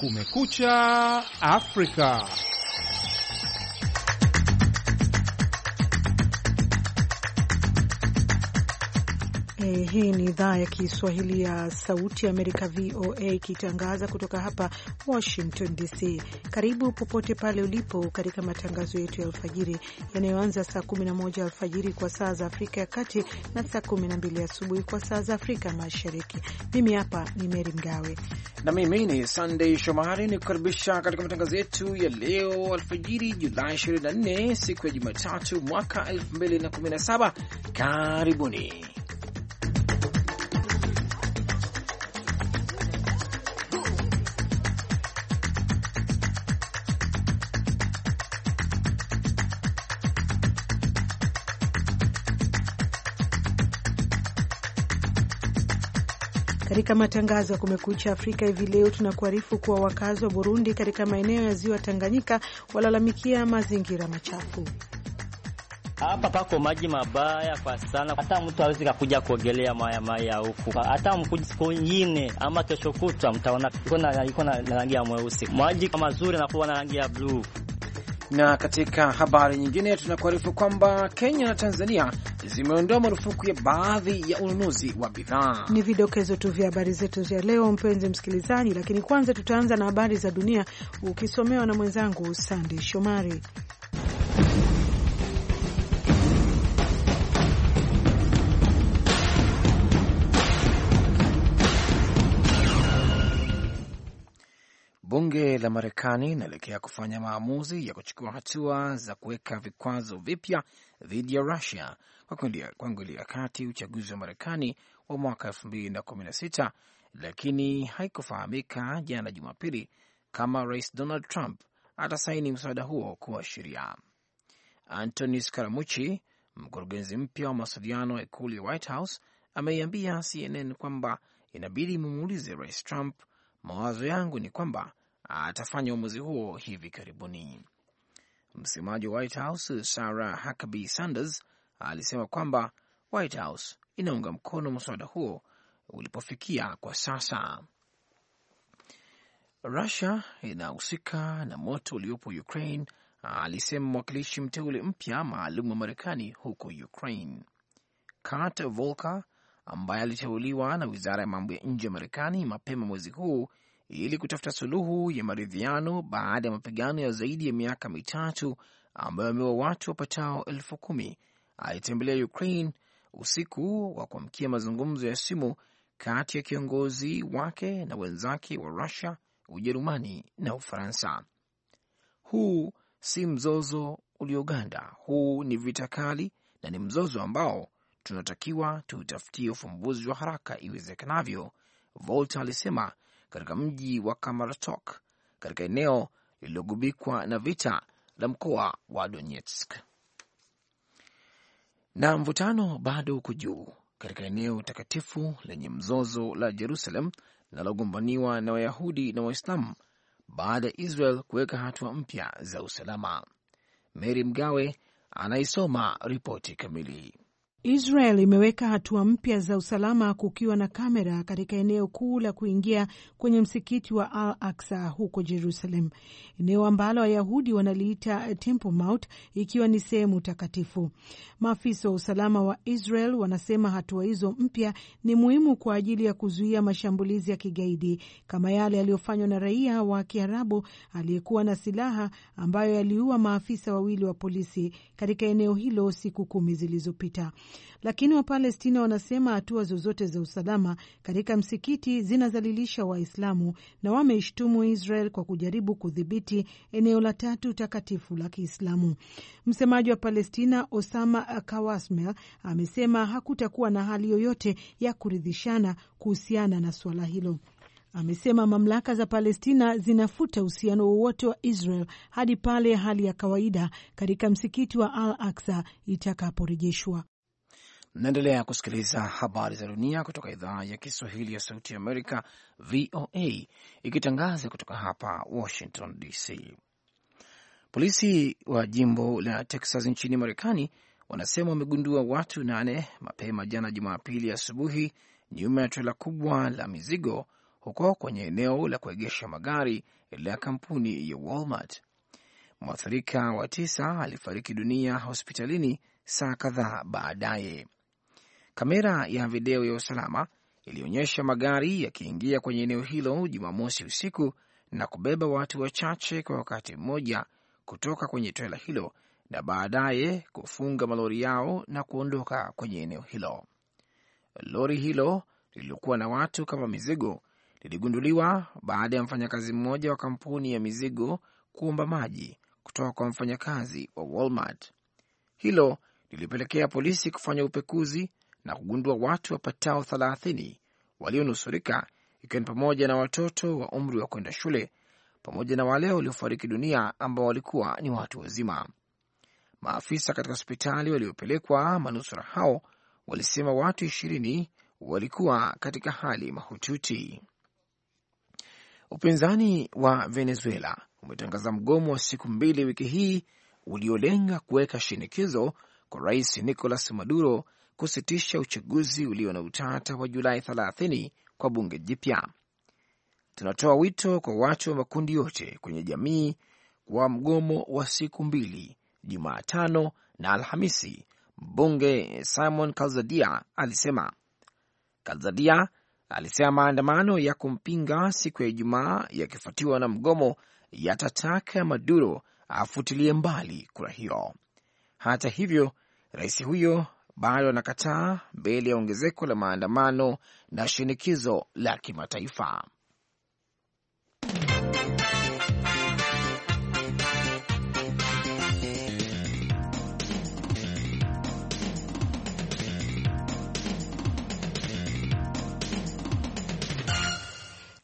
Kumekucha Afrika. Eh, hii ni idhaa ya Kiswahili ya Sauti ya Amerika, VOA, ikitangaza kutoka hapa Washington DC. Karibu popote pale ulipo katika matangazo yetu ya alfajiri yanayoanza saa 11 alfajiri kwa saa za Afrika ya Kati na saa 12 asubuhi kwa saa za Afrika Mashariki. Mimi hapa ni Meri Mgawe na mimi ni Sandey Shomari ni kukaribisha katika matangazo yetu ya leo alfajiri, Julai 24 siku ya Jumatatu mwaka 2017. Karibuni. Katika matangazo ya Kumekucha Afrika hivi leo, tunakuarifu kuwa wakazi wa Burundi katika maeneo ya ziwa Tanganyika walalamikia mazingira machafu. Hapa pako maji mabaya kwa sana, hata mtu hawezi kakuja kuogelea maya mai ya huku. Hata mkuja siku ingine ama kesho kutwa, mtaona iko na rangi ya mweusi. Maji mazuri nakuwa na rangi ya bluu. Na katika habari nyingine, tunakuarifu kwamba Kenya na Tanzania zimeondoa marufuku ya baadhi ya ununuzi wa bidhaa. Ni vidokezo tu vya habari zetu vya leo, mpenzi msikilizaji, lakini kwanza tutaanza na habari za dunia ukisomewa na mwenzangu Sandey Shomari. Bunge la Marekani inaelekea kufanya maamuzi ya kuchukua hatua za kuweka vikwazo vipya dhidi ya Rusia kwa kuingilia kati uchaguzi wa Marekani wa mwaka sita, lakini haikufahamika jana Jumapili kama Rais Donald Trump atasaini mswada huo kuwa sheria. Antony Scaramucci, mkurugenzi mpya wa mawasiliano ya ikulu ya White House, ameiambia CNN kwamba inabidi mumuulize Rais Trump, mawazo yangu ni kwamba atafanya uamuzi huo hivi karibuni. Msemaji wa White House Sarah Huckabee Sanders alisema kwamba White House inaunga mkono mswada huo ulipofikia kwa sasa. Rusia inahusika na moto uliopo Ukraine, alisema mwakilishi mteule mpya maalum wa Marekani huko Ukraine, Kurt Volker, ambaye aliteuliwa na wizara ya mambo ya nje ya Marekani mapema mwezi huu ili kutafuta suluhu ya maridhiano baada ya mapigano ya zaidi ya miaka mitatu ambayo ameua watu wapatao elfu kumi alitembelea Ukraine usiku wa kuamkia mazungumzo ya simu kati ya kiongozi wake na wenzake wa Rusia, Ujerumani na Ufaransa. Huu si mzozo ulioganda, huu ni vita kali na ni mzozo ambao tunatakiwa tuutafutie ufumbuzi wa haraka iwezekanavyo, Volta alisema katika mji wa Kamartok katika eneo lililogubikwa na vita la mkoa wa Donetsk. Na mvutano bado uko juu katika eneo takatifu lenye mzozo la Jerusalem linalogombaniwa na Wayahudi na Waislamu baada ya Israel kuweka hatua mpya za usalama. Mary Mgawe anaisoma ripoti kamili. Israel imeweka hatua mpya za usalama kukiwa na kamera katika eneo kuu la kuingia kwenye msikiti wa Al Aksa huko Jerusalem, eneo ambalo Wayahudi wanaliita Temple Mount, ikiwa ni sehemu takatifu. Maafisa wa usalama wa Israel wanasema hatua hizo mpya ni muhimu kwa ajili ya kuzuia mashambulizi ya kigaidi kama yale yaliyofanywa na raia wa Kiarabu aliyekuwa na silaha ambayo yaliua maafisa wawili wa polisi katika eneo hilo siku kumi zilizopita lakini Wapalestina wanasema hatua zozote za usalama katika msikiti zinazalilisha Waislamu na wameishtumu Israel kwa kujaribu kudhibiti eneo la tatu takatifu la Kiislamu. Msemaji wa Palestina Osama Kawasmel amesema hakutakuwa na hali yoyote ya kuridhishana kuhusiana na suala hilo. Amesema mamlaka za Palestina zinafuta uhusiano wowote wa Israel hadi pale hali ya kawaida katika msikiti wa Al Aksa itakaporejeshwa. Mnaendelea kusikiliza habari za dunia kutoka idhaa ya Kiswahili ya Sauti Amerika, VOA, ikitangaza kutoka hapa Washington DC. Polisi wa jimbo la Texas nchini Marekani wanasema wamegundua watu nane mapema jana Jumapili asubuhi nyuma ya trela kubwa la mizigo huko kwenye eneo la kuegesha magari la kampuni ya Walmart. Mwathirika wa tisa alifariki dunia hospitalini saa kadhaa baadaye. Kamera ya video ya usalama ilionyesha magari yakiingia kwenye eneo hilo Jumamosi usiku na kubeba watu wachache kwa wakati mmoja kutoka kwenye trela hilo na baadaye kufunga malori yao na kuondoka kwenye eneo hilo. Lori hilo lililokuwa na watu kama mizigo liligunduliwa baada ya mfanyakazi mmoja wa kampuni ya mizigo kuomba maji kutoka kwa mfanyakazi wa Walmart. Hilo lilipelekea polisi kufanya upekuzi na kugundua watu wapatao thelathini walionusurika ikiwa ni pamoja na watoto wa umri wa kwenda shule pamoja na wale waliofariki dunia ambao walikuwa ni watu wazima. Maafisa katika hospitali waliopelekwa manusura hao walisema watu ishirini walikuwa katika hali mahututi. Upinzani wa Venezuela umetangaza mgomo wa siku mbili wiki hii uliolenga kuweka shinikizo kwa rais Nicolas Maduro kusitisha uchaguzi ulio na utata wa Julai 30 kwa bunge jipya. Tunatoa wito kwa watu wa makundi yote kwenye jamii kwa mgomo wa siku mbili, Jumatano na Alhamisi, mbunge Simon Kalzadia alisema. Kalzadia alisema maandamano ya kumpinga siku ya Ijumaa yakifuatiwa na mgomo yatataka Maduro afutilie mbali kura hiyo. Hata hivyo, rais huyo bado wanakataa mbele ya ongezeko la maandamano na shinikizo la kimataifa.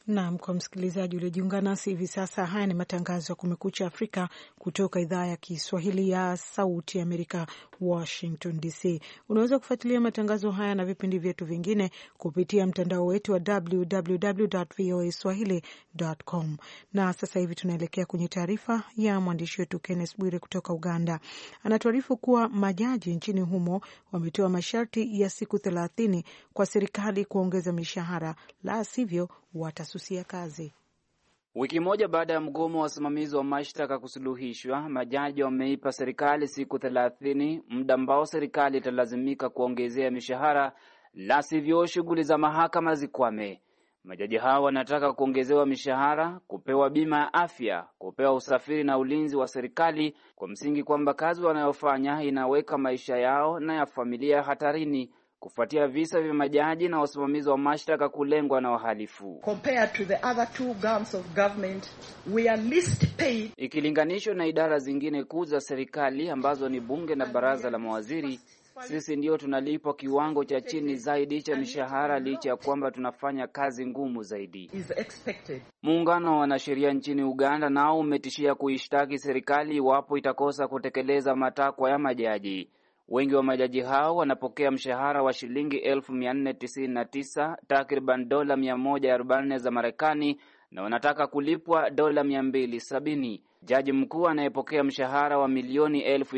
Naam, kwa msikilizaji uliojiunga nasi hivi sasa, haya ni matangazo ya Kumekucha Afrika kutoka idhaa ya Kiswahili ya Sauti ya Amerika, Washington DC. Unaweza kufuatilia matangazo haya na vipindi vyetu vingine kupitia mtandao wetu wa www voa swahili.com. Na sasa hivi tunaelekea kwenye taarifa ya mwandishi wetu Kennes Bwire kutoka Uganda. Anatuarifu kuwa majaji nchini humo wametoa masharti ya siku thelathini kwa serikali kuongeza mishahara, la sivyo watasu kususia kazi. Wiki moja baada ya mgomo wa wasimamizi wa mashtaka kusuluhishwa, majaji wameipa serikali siku thelathini, muda ambao serikali italazimika kuongezea mishahara, la sivyo shughuli za mahakama zikwame. Majaji hao wanataka kuongezewa mishahara, kupewa bima ya afya, kupewa usafiri na ulinzi wa serikali, kwa msingi kwamba kazi wanayofanya inaweka maisha yao na ya familia hatarini, kufuatia visa vya majaji na wasimamizi wa mashtaka kulengwa na wahalifu. Ikilinganishwa na idara zingine kuu za serikali ambazo ni bunge na baraza la mawaziri, sisi ndio tunalipwa kiwango cha chini zaidi cha mishahara licha ya kwamba tunafanya kazi ngumu zaidi. Muungano wa wanasheria nchini Uganda nao umetishia kuishtaki serikali iwapo itakosa kutekeleza matakwa ya majaji. Wengi wa majaji hao wanapokea mshahara wa shilingi 499 takriban dola 144 za Marekani na wanataka kulipwa dola 270. Jaji mkuu anayepokea mshahara wa milioni elfu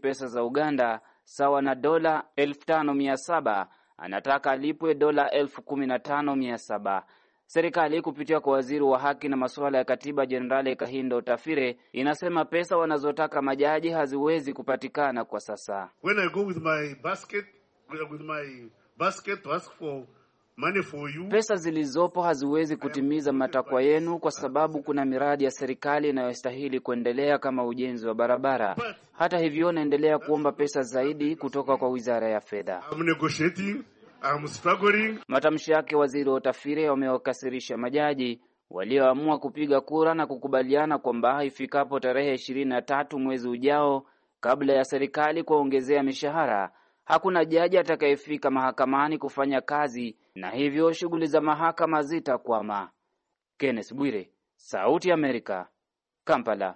pesa za Uganda sawa na dola 5700 anataka alipwe dola 15700. Serikali kupitia kwa waziri wa haki na masuala ya katiba Jenerali Kahindo Tafire inasema pesa wanazotaka majaji haziwezi kupatikana kwa sasa. When I go with my basket, with my basket to ask for Pesa zilizopo haziwezi kutimiza matakwa yenu kwa sababu kuna miradi ya serikali inayostahili kuendelea kama ujenzi wa barabara. Hata hivyo, naendelea kuomba pesa zaidi kutoka kwa Wizara ya Fedha. I'm struggling. Matamshi yake waziri wa utafiri wamewakasirisha majaji walioamua kupiga kura na kukubaliana kwamba ifikapo tarehe ishirini na tatu mwezi ujao, kabla ya serikali kuwaongezea mishahara, hakuna jaji atakayefika mahakamani kufanya kazi na hivyo shughuli za mahakama zitakwama. Kenneth Bwire, Sauti ya Amerika, Kampala.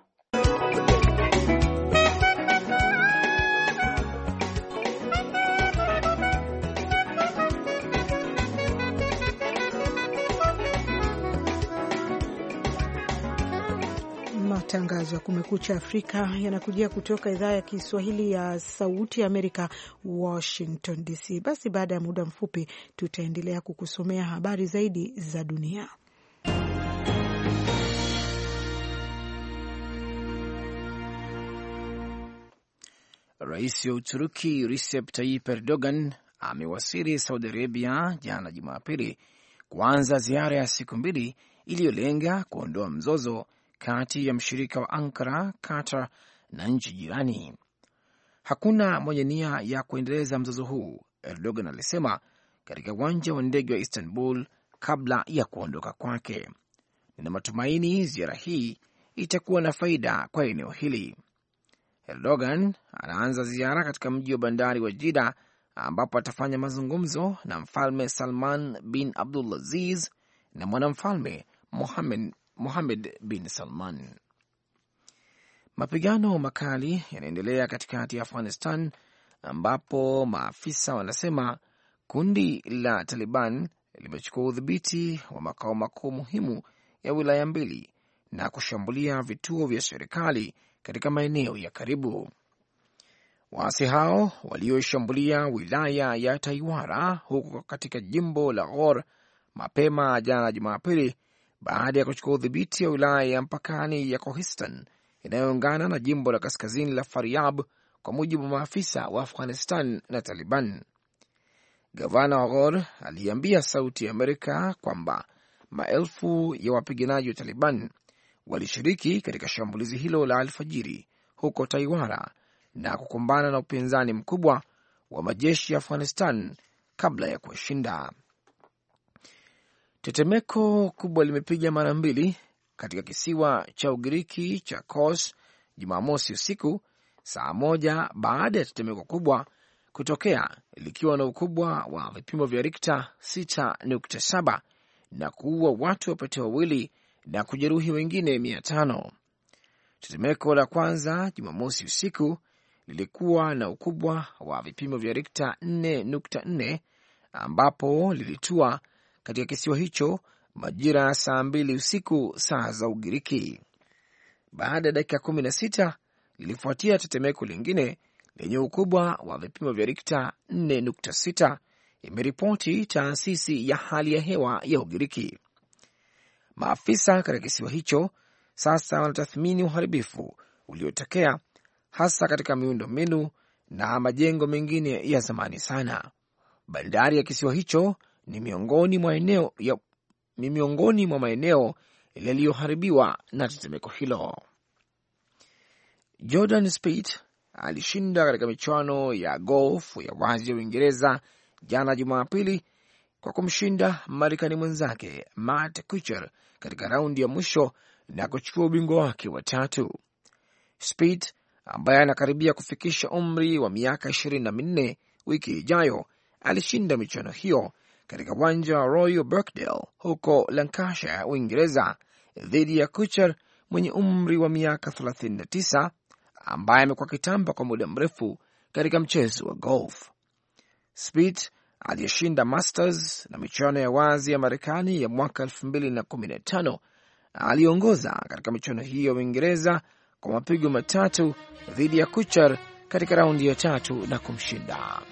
Matangazo ya Kumekucha Afrika yanakujia kutoka idhaa ya Kiswahili ya Sauti ya Amerika, Washington DC. Basi baada ya muda mfupi, tutaendelea kukusomea habari zaidi za dunia. Rais wa Uturuki Recep Tayyip Erdogan amewasili Saudi Arabia jana Jumapili kuanza ziara ya siku mbili iliyolenga kuondoa mzozo kati ya mshirika wa Ankara, Qatar na nchi jirani. Hakuna mwenye nia ya kuendeleza mzozo huu, Erdogan alisema katika uwanja wa ndege wa Istanbul kabla ya kuondoka kwake. Nina matumaini ziara hii itakuwa na faida kwa eneo hili. Erdogan anaanza ziara katika mji wa bandari wa Jida ambapo atafanya mazungumzo na mfalme Salman bin Abdulaziz na mwanamfalme Mohamed Mohamed bin Salman. Mapigano makali yanaendelea katikati ya Afghanistan ambapo maafisa wanasema kundi la Taliban limechukua udhibiti wa makao makuu muhimu ya wilaya mbili na kushambulia vituo vya serikali katika maeneo ya karibu. Waasi hao walioshambulia wilaya ya Taiwara huko katika jimbo la Ghor mapema jana Jumapili baada ya kuchukua udhibiti wa wilaya ya mpakani ya Kohistan inayoungana na jimbo la kaskazini la Faryab, kwa mujibu wa maafisa wa Afghanistan na Taliban. Gavana wa Ghor aliambia Sauti ya Amerika kwamba maelfu ya wapiganaji wa Taliban walishiriki katika shambulizi hilo la alfajiri huko Taiwara na kukumbana na upinzani mkubwa wa majeshi ya Afghanistan kabla ya kuishinda. Tetemeko kubwa limepiga mara mbili katika kisiwa cha Ugiriki cha Kos Jumamosi usiku saa moja baada ya tetemeko kubwa kutokea likiwa na ukubwa wa vipimo vya Rikta 6.7 na kuua watu wapete wawili na kujeruhi wengine mia tano. Tetemeko la kwanza Jumamosi usiku lilikuwa na ukubwa wa vipimo vya Rikta 4.4 ambapo lilitua katika kisiwa hicho majira ya saa mbili usiku saa za Ugiriki. Baada ya dakika kumi na sita lilifuatia tetemeko lingine lenye ukubwa wa vipimo vya Rikta 4.6, imeripoti taasisi ya hali ya hewa ya Ugiriki. Maafisa katika kisiwa hicho sasa wanatathmini uharibifu uliotokea hasa katika miundombinu na majengo mengine ya zamani sana. Bandari ya kisiwa hicho ni miongoni mwa eneo ya, ni miongoni mwa maeneo yaliyoharibiwa na tetemeko hilo. Jordan Spieth alishinda katika michuano ya golf ya wazi ya Uingereza jana Jumapili kwa kumshinda Marekani mwenzake Matt Kuchar katika raundi ya mwisho na kuchukua ubingwa wake wa tatu. Spieth ambaye anakaribia kufikisha umri wa miaka ishirini na minne wiki ijayo alishinda michuano hiyo katika uwanja wa Royal Birkdale huko Lancashire, Uingereza, dhidi ya Kucher mwenye umri wa miaka 39 ambaye amekuwa kitamba kwa muda mrefu katika mchezo wa golf. Spieth aliyeshinda Masters na michuano ya wazi ya Marekani ya mwaka 2015 aliongoza katika michuano hiyo ya Uingereza kwa mapigo matatu dhidi ya Kuchar katika raundi ya tatu na kumshinda.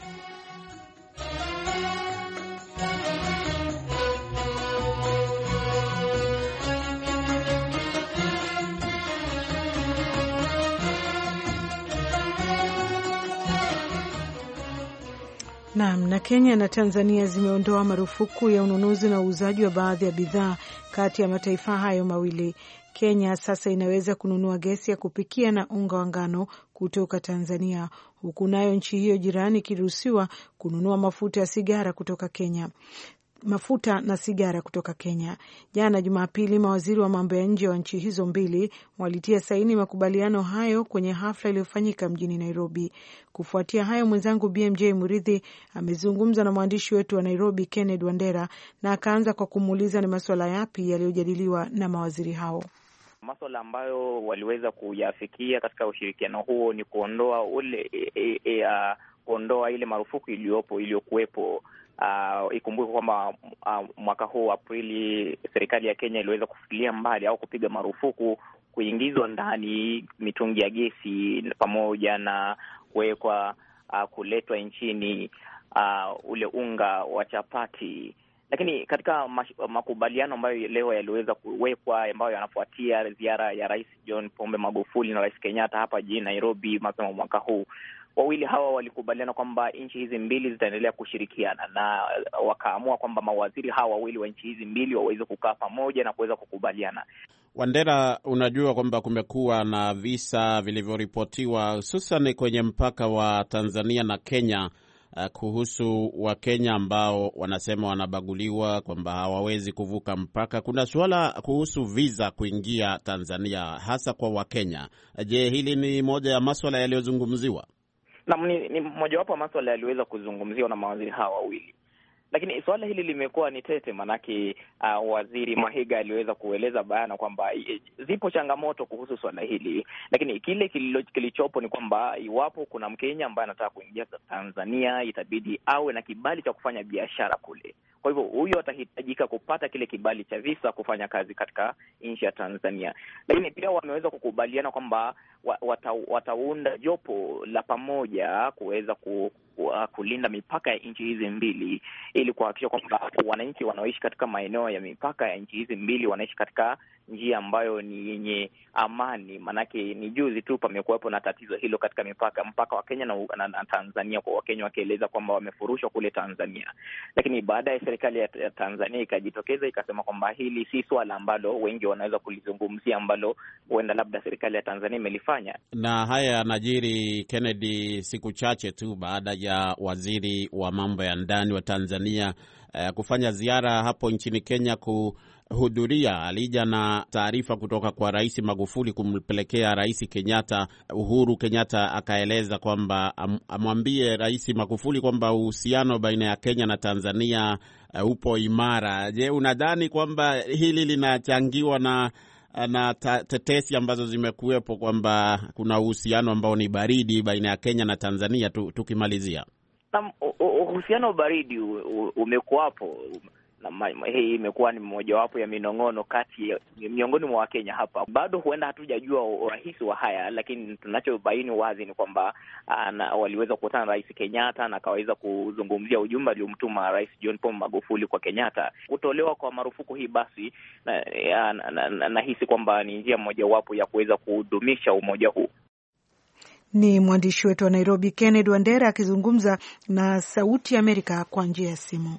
Naam. Na Kenya na Tanzania zimeondoa marufuku ya ununuzi na uuzaji wa baadhi ya bidhaa kati ya mataifa hayo mawili. Kenya sasa inaweza kununua gesi ya kupikia na unga wa ngano kutoka Tanzania, huku nayo nchi hiyo jirani ikiruhusiwa kununua mafuta ya sigara kutoka Kenya mafuta na sigara kutoka Kenya. Jana Jumapili, mawaziri wa mambo ya nje wa nchi hizo mbili walitia saini makubaliano hayo kwenye hafla iliyofanyika mjini Nairobi. Kufuatia hayo, mwenzangu BMJ Muridhi amezungumza na mwandishi wetu wa Nairobi, Kenneth Wandera, na akaanza kwa kumuuliza ni masuala yapi yaliyojadiliwa na mawaziri hao. Maswala ambayo waliweza kuyafikia katika ushirikiano huo ni kuondoa ule e, e, e, uh, kuondoa ile marufuku iliyopo iliyokuwepo Uh, ikumbuke kwamba uh, mwaka huu Aprili serikali ya Kenya iliweza kufutilia mbali au kupiga marufuku kuingizwa ndani mitungi ya gesi pamoja na kuwekwa uh, kuletwa nchini uh, ule unga wa chapati lakini katika makubaliano ambayo leo yaliweza kuwekwa ambayo yanafuatia ziara ya Rais John Pombe Magufuli na Rais Kenyatta hapa jijini Nairobi mapema mwaka huu, wawili hawa walikubaliana kwamba nchi hizi mbili zitaendelea kushirikiana na wakaamua kwamba mawaziri hawa wawili wa nchi hizi mbili waweze kukaa pamoja na kuweza kukubaliana. Wandera, unajua kwamba kumekuwa na visa vilivyoripotiwa hususan kwenye mpaka wa Tanzania na Kenya eh, kuhusu Wakenya ambao wanasema wanabaguliwa kwamba hawawezi kuvuka mpaka. Kuna suala kuhusu viza kuingia Tanzania hasa kwa Wakenya. Je, hili ni moja ya maswala yaliyozungumziwa? Naam, ni, ni mojawapo ya maswala yaliweza kuzungumziwa na mawaziri hawa wawili, lakini suala hili limekuwa ni tete, maanake uh, waziri Mahiga aliweza kueleza bayana kwamba zipo changamoto kuhusu swala hili, lakini kile kilichopo ni kwamba iwapo kuna Mkenya ambaye anataka kuingia Tanzania itabidi awe na kibali cha kufanya biashara kule kwa hivyo huyo atahitajika kupata kile kibali cha visa kufanya kazi katika nchi ya Tanzania, lakini pia wameweza kukubaliana kwamba wata, wataunda jopo la pamoja kuweza ku ah, kulinda mipaka ya nchi hizi mbili ili kuhakikisha kwamba wananchi wanaoishi katika maeneo ya mipaka ya nchi hizi mbili wanaishi katika njia ambayo ni yenye amani, maanake ni juzi tu pamekuwepo na tatizo hilo katika mipaka mpaka wa Kenya na, na, na Tanzania, kwa Wakenya wakieleza kwamba wamefurushwa kule Tanzania, lakini baadaye serikali ya Tanzania ikajitokeza ikasema kwamba hili si swala ambalo wengi wanaweza kulizungumzia, ambalo huenda labda serikali ya Tanzania imelifanya. Na haya yanajiri Kennedy, siku chache tu baada ya waziri wa mambo ya ndani wa Tanzania eh, kufanya ziara hapo nchini Kenya ku hudhuria alija na taarifa kutoka kwa Rais Magufuli kumpelekea Rais Kenyatta. Uhuru Kenyatta akaeleza kwamba amwambie Rais Magufuli kwamba uhusiano baina ya Kenya na Tanzania uh, upo imara. Je, unadhani kwamba hili linachangiwa na na tetesi ambazo zimekuwepo kwamba kuna uhusiano ambao ni baridi baina ya Kenya na Tanzania? Tukimalizia uhusiano baridi umekuwapo na hii imekuwa ni mojawapo ya minong'ono kati ya miongoni mwa Wakenya hapa. Bado huenda hatujajua urahisi wa haya, lakini tunachobaini wazi ni kwamba ah, waliweza kukutana Rais Kenyatta na akaweza kuzungumzia ujumbe aliomtuma Rais John Pombe Magufuli kwa Kenyatta. Kutolewa kwa marufuku hii basi nahisi na, na, na, kwamba ni njia mojawapo ya kuweza kudumisha umoja huu. Ni mwandishi wetu wa Nairobi Kennedy Wandera akizungumza na Sauti ya Amerika kwa njia ya simu.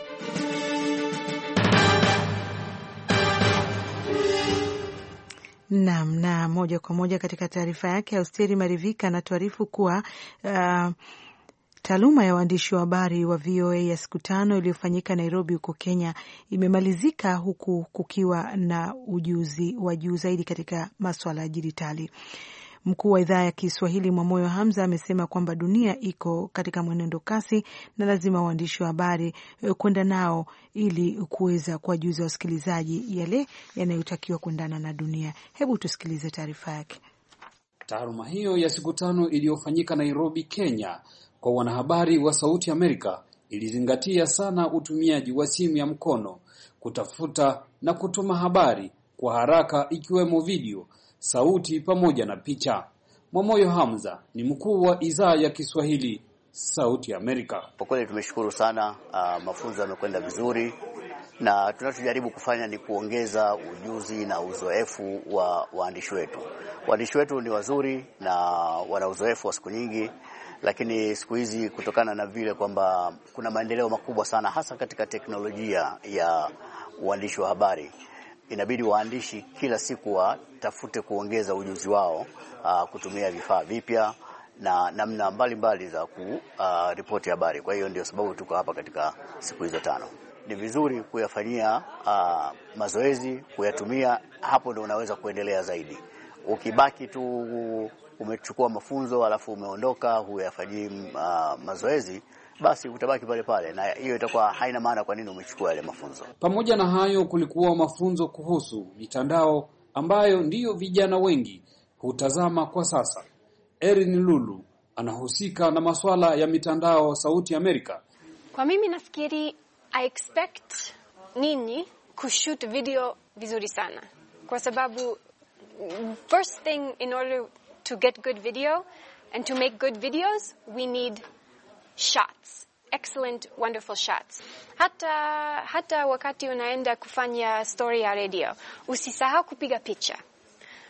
Naam, na moja kwa moja katika taarifa yake Austeri Marivika anatuarifu kuwa uh, taaluma ya waandishi wa habari wa VOA ya siku tano iliyofanyika Nairobi huko Kenya imemalizika huku kukiwa na ujuzi wa juu zaidi katika maswala ya dijitali. Mkuu wa idhaa ya Kiswahili Mwamoyo Hamza amesema kwamba dunia iko katika mwenendo kasi na lazima waandishi wa habari eh, kwenda nao ili kuweza kuwajuza wasikilizaji yale yanayotakiwa kuendana na dunia. Hebu tusikilize taarifa yake. Taaruma hiyo ya siku tano iliyofanyika Nairobi, Kenya, kwa wanahabari wa Sauti Amerika ilizingatia sana utumiaji wa simu ya mkono kutafuta na kutuma habari kwa haraka, ikiwemo video sauti pamoja na picha. Mwamoyo Hamza ni mkuu wa idhaa ya Kiswahili Sauti ya Amerika. Kwa kweli tumeshukuru sana. Uh, mafunzo yamekwenda vizuri na tunachojaribu kufanya ni kuongeza ujuzi na uzoefu wa waandishi wetu. Waandishi wetu ni wazuri na wana uzoefu wa siku nyingi, lakini siku hizi kutokana na vile kwamba kuna maendeleo makubwa sana, hasa katika teknolojia ya uandishi wa habari inabidi waandishi kila siku watafute kuongeza ujuzi wao uh, kutumia vifaa vipya na namna mbalimbali za kuripoti uh, habari. Kwa hiyo ndio sababu tuko hapa katika siku hizo tano. Ni vizuri kuyafanyia uh, mazoezi, kuyatumia. Hapo ndio unaweza kuendelea zaidi. Ukibaki tu umechukua mafunzo alafu umeondoka, huyafanyii uh, mazoezi basi utabaki pale pale, na hiyo itakuwa haina maana kwa nini umechukua yale mafunzo. Pamoja na hayo, kulikuwa mafunzo kuhusu mitandao ambayo ndiyo vijana wengi hutazama kwa sasa. Erin Lulu anahusika na masuala ya mitandao Sauti Amerika. Kwa mimi nafikiri, I expect nini kushoot video vizuri sana, kwa sababu first thing in order to get good video and to make good videos we need shots excellent wonderful shots. Hata hata wakati unaenda kufanya story ya radio, usisahau kupiga picha,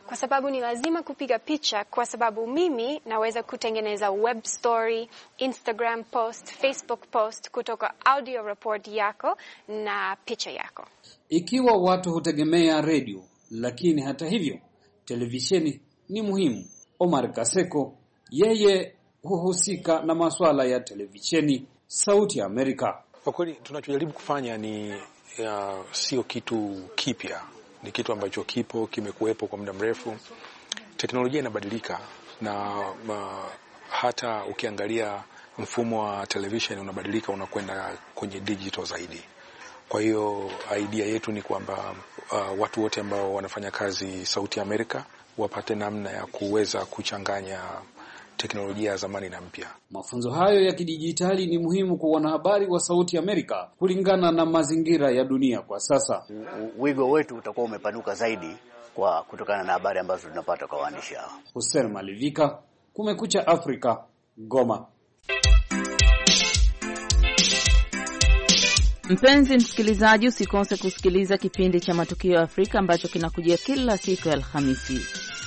kwa sababu ni lazima kupiga picha, kwa sababu mimi naweza kutengeneza web story, Instagram post, Facebook post kutoka audio report yako na picha yako. Ikiwa watu hutegemea radio, lakini hata hivyo televisheni ni muhimu. Omar Kaseko yeye huhusika na masuala ya televisheni Sauti ya Amerika. Kwa kweli tunachojaribu kufanya ni ya, sio kitu kipya, ni kitu ambacho kipo kimekuwepo kwa muda mrefu. Teknolojia inabadilika na ma, hata ukiangalia mfumo wa television unabadilika, unakwenda kwenye digital zaidi. Kwa hiyo idea yetu ni kwamba uh, watu wote ambao wanafanya kazi Sauti ya Amerika wapate namna ya kuweza kuchanganya teknolojia ya zamani na mpya. Mafunzo hayo ya kidijitali ni muhimu kwa wanahabari wa Sauti Amerika kulingana na mazingira ya dunia kwa sasa. Wigo wetu utakuwa umepanuka zaidi kwa kutokana na habari ambazo tunapata kwa waandishi hao. Hussein Malivika, Kumekucha Afrika, Goma. Mpenzi msikilizaji, usikose kusikiliza kipindi cha Matukio ya Afrika ambacho kinakujia kila siku ya Alhamisi.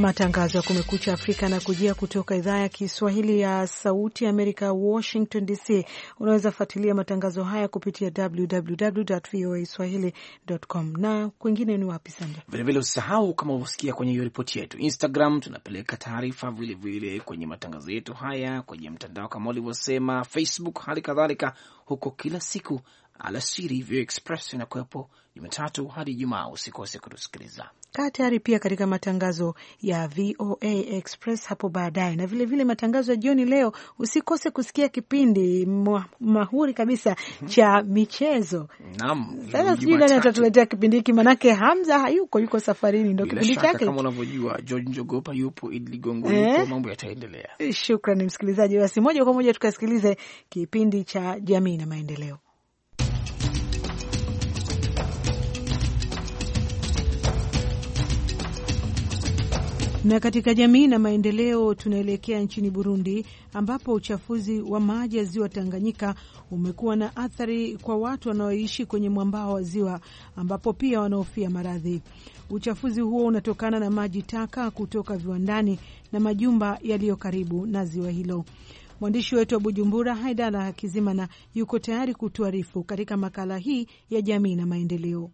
Matangazo ya Kumekucha Afrika yanakujia kutoka idhaa ya Kiswahili ya Sauti Amerika, Washington DC. Unaweza fuatilia matangazo haya kupitia www voa swahili.com na kwengine ni wapi sana. Vilevile usisahau, kama ulivyosikia kwenye hiyo ripoti yetu Instagram, tunapeleka taarifa vilevile kwenye matangazo yetu haya kwenye mtandao kama ulivyosema, Facebook hali kadhalika, huko kila siku alasiri, VOA Express inakuwepo Jumatatu hadi Ijumaa. Usikose kutusikiliza. Kaa tayari pia katika matangazo ya VOA Express hapo baadaye, na vilevile vile matangazo ya jioni leo. Usikose kusikia kipindi mahuri kabisa mhm. cha michezo. Sasa sijui nani atatuletea kipindi hiki, manake Hamza hayuko, yuko safarini, ndo kipindi chake. Kama unavyojua George Njogopa yupo, Idi Ligongo yupo, eh? mambo yataendelea. Shukrani msikilizaji, basi moja kwa moja tukasikilize kipindi cha jamii na maendeleo. Na katika jamii na maendeleo, tunaelekea nchini Burundi ambapo uchafuzi wa maji ya ziwa Tanganyika umekuwa na athari kwa watu wanaoishi kwenye mwambao wa ziwa, ambapo pia wanaofia maradhi. Uchafuzi huo unatokana na maji taka kutoka viwandani na majumba yaliyo karibu na ziwa hilo. Mwandishi wetu wa Bujumbura, Haidala Hakizimana, yuko tayari kutuarifu katika makala hii ya jamii na maendeleo.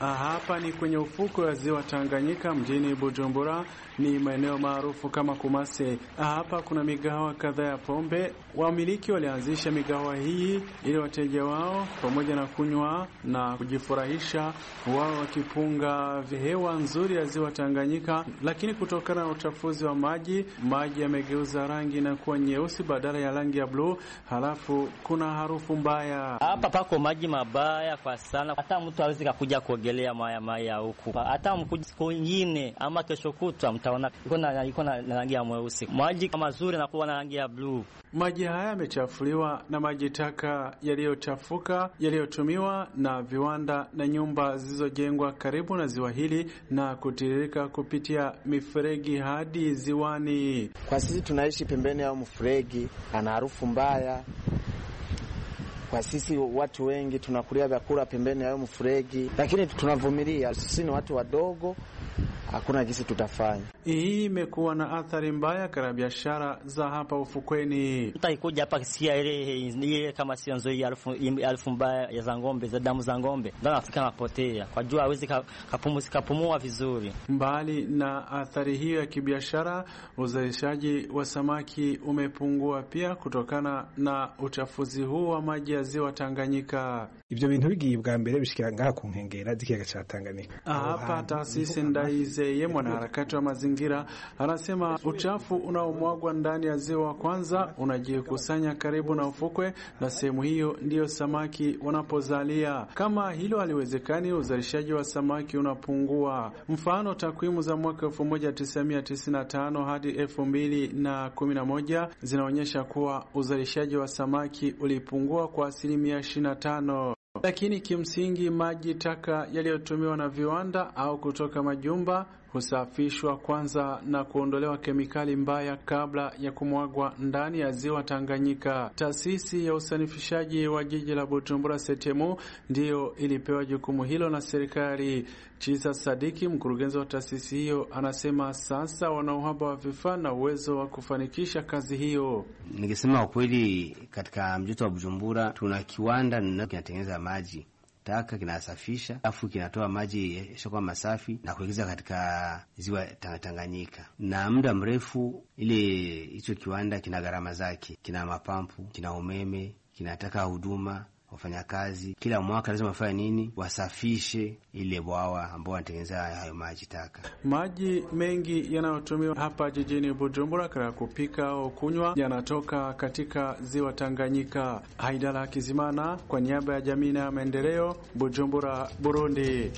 Ah, hapa ni kwenye ufukwe wa ziwa Tanganyika mjini Bujumbura, ni maeneo maarufu kama Kumase. Ah, hapa kuna migahawa kadhaa ya pombe. Wamiliki walianzisha migahawa hii ili wateja wao, pamoja na kunywa na kujifurahisha, wao wakipunga hewa nzuri ya ziwa Tanganyika. Lakini kutokana na uchafuzi wa maji, maji yamegeuza rangi na kuwa nyeusi badala ya rangi ya bluu, halafu kuna harufu mbaya. Hapa pako maji mabaya kwa sana, hata mtu hawezi kukuja kuogelea kuogelea maya maya huku, hata mkuja ingine ama kesho kutwa mtaona iko na rangi ya mweusi, maji mazuri nakuwa na rangi ya bluu. Maji haya yamechafuliwa na maji taka yaliyochafuka yaliyotumiwa na viwanda na nyumba zilizojengwa karibu na ziwa hili na kutiririka kupitia mifuregi hadi ziwani. Kwa sisi tunaishi pembeni ya mfuregi ana harufu mbaya kwa sisi watu wengi tunakulia vyakula pembeni ya mfuregi, lakini tunavumilia. Sisi ni watu wadogo hakuna kisi tutafanya. Hii imekuwa na athari mbaya katika biashara za hapa ufukweni. Mtaikuja hapa kisia ile ile kama sio nzuri, harufu mbaya ya za ng'ombe za damu za ng'ombe, ndio nafika napotea kwa jua hawezi kapumua kapumua vizuri. Mbali na athari hiyo ya kibiashara, uzalishaji wa samaki umepungua pia kutokana na uchafuzi huu wa maji ya ziwa Tanganyika. Ibyo bintu bigiye bwa mbere bishikira ngaha ku nkengera z'ikiyaga cha Tanganyika. Hapa ah, taasisi nda Kahizeye, mwanaharakati wa mazingira, anasema uchafu unaomwagwa ndani ya ziwa kwanza unajikusanya karibu na ufukwe, na sehemu hiyo ndiyo samaki wanapozalia. Kama hilo haliwezekani, uzalishaji wa samaki unapungua. Mfano, takwimu za mwaka 1995 hadi 2011 zinaonyesha kuwa uzalishaji wa samaki ulipungua kwa asilimia 25 lakini kimsingi maji taka yaliyotumiwa na viwanda au kutoka majumba husafishwa kwanza na kuondolewa kemikali mbaya kabla ya kumwagwa ndani ya ziwa Tanganyika. Taasisi ya usanifishaji wa jiji la Bujumbura Setemo ndiyo ilipewa jukumu hilo na serikali. Chisa Sadiki, mkurugenzi wa taasisi hiyo, anasema sasa wana uhaba wa vifaa na uwezo wa kufanikisha kazi hiyo. Nikisema kweli, katika mji wa Bujumbura tuna kiwanda kinatengeneza maji taka, kinasafisha, alafu kinatoa maji yashakuwa masafi na kuingiza katika ziwa Tanganyika. Na muda mrefu, ile hicho kiwanda kina gharama zake, kina mapampu, kina umeme, kinataka huduma wafanyakazi kila mwaka lazima wafanye nini? Wasafishe ile bwawa ambao wanatengeneza hayo maji taka. Maji mengi yanayotumiwa hapa jijini Bujumbura katika kupika au kunywa yanatoka katika ziwa Tanganyika. Haidala Kizimana kwa niaba ya jamii na maendeleo, Bujumbura, Burundi.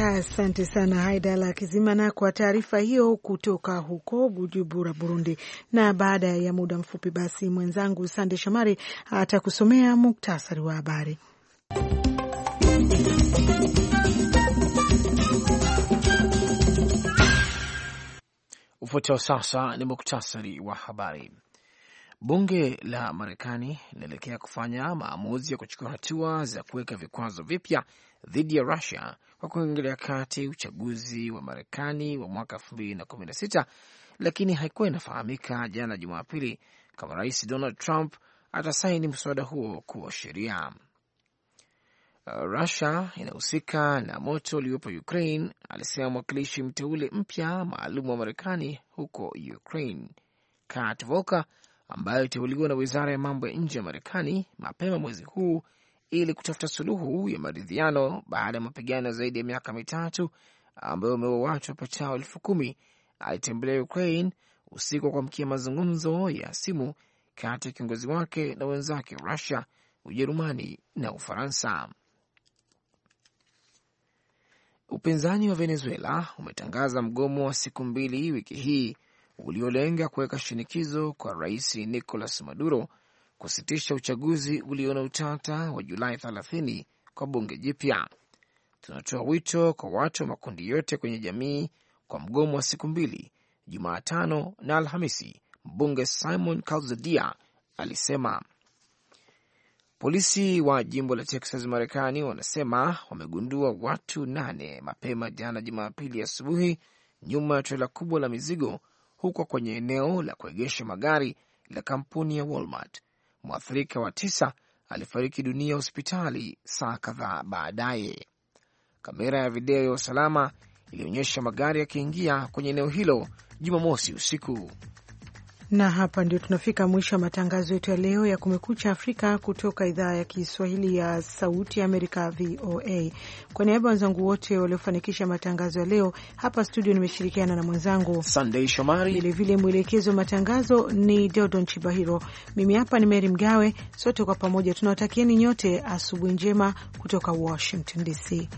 Asante sana Haidala Kizimana kwa taarifa hiyo kutoka huko Bujumbura, Burundi. Na baada ya muda mfupi, basi mwenzangu Sande Shomari atakusomea muktasari wa habari. Ufuatao sasa ni muktasari wa habari. Bunge la Marekani linaelekea kufanya maamuzi ya kuchukua hatua za kuweka vikwazo vipya dhidi ya Rusia kwa kuingilia kati uchaguzi wa Marekani wa mwaka elfu mbili na kumi na sita, lakini haikuwa inafahamika jana Jumapili kama Rais Donald Trump atasaini mswada huo kuwa sheria. Rusia inahusika na moto uliopo Ukraine, alisema mwakilishi mteule mpya maalum wa Marekani huko Ukraine, Kat Volker, ambayo iteuliwa na wizara ya mambo ya nje ya Marekani mapema mwezi huu ili kutafuta suluhu ya maridhiano baada ya mapigano zaidi ya miaka mitatu ambayo umeua watu wapatao elfu kumi alitembelea Ukraine usiku wa kuamkia mazungumzo ya simu kati ya kiongozi wake na wenzake Rusia, Ujerumani na Ufaransa. Upinzani wa Venezuela umetangaza mgomo wa siku mbili wiki hii uliolenga kuweka shinikizo kwa rais Nicolas Maduro kusitisha uchaguzi ulio na utata wa Julai 30 kwa bunge jipya. Tunatoa wito kwa watu wa makundi yote kwenye jamii kwa mgomo wa siku mbili, Jumatano na Alhamisi, mbunge Simon Calzadia alisema. Polisi wa jimbo la Texas, Marekani, wanasema wamegundua watu nane mapema jana Jumapili asubuhi nyuma ya trela kubwa la mizigo huko kwenye eneo la kuegesha magari la kampuni ya Walmart Mwathirika wa tisa alifariki dunia hospitali saa kadhaa baadaye. Kamera ya video ya usalama ilionyesha magari yakiingia kwenye eneo hilo Jumamosi usiku. Na hapa ndio tunafika mwisho wa matangazo yetu ya leo ya Kumekucha Afrika kutoka idhaa ya Kiswahili ya Sauti Amerika, VOA. Kwa niaba ya wenzangu wote waliofanikisha matangazo ya leo hapa studio, nimeshirikiana na mwenzangu Sandei Shomari. Vilevile mwelekezi wa matangazo ni Deodon Chibahiro. Mimi hapa ni Meri Mgawe. Sote kwa pamoja tunawatakieni nyote asubuhi njema kutoka Washington DC.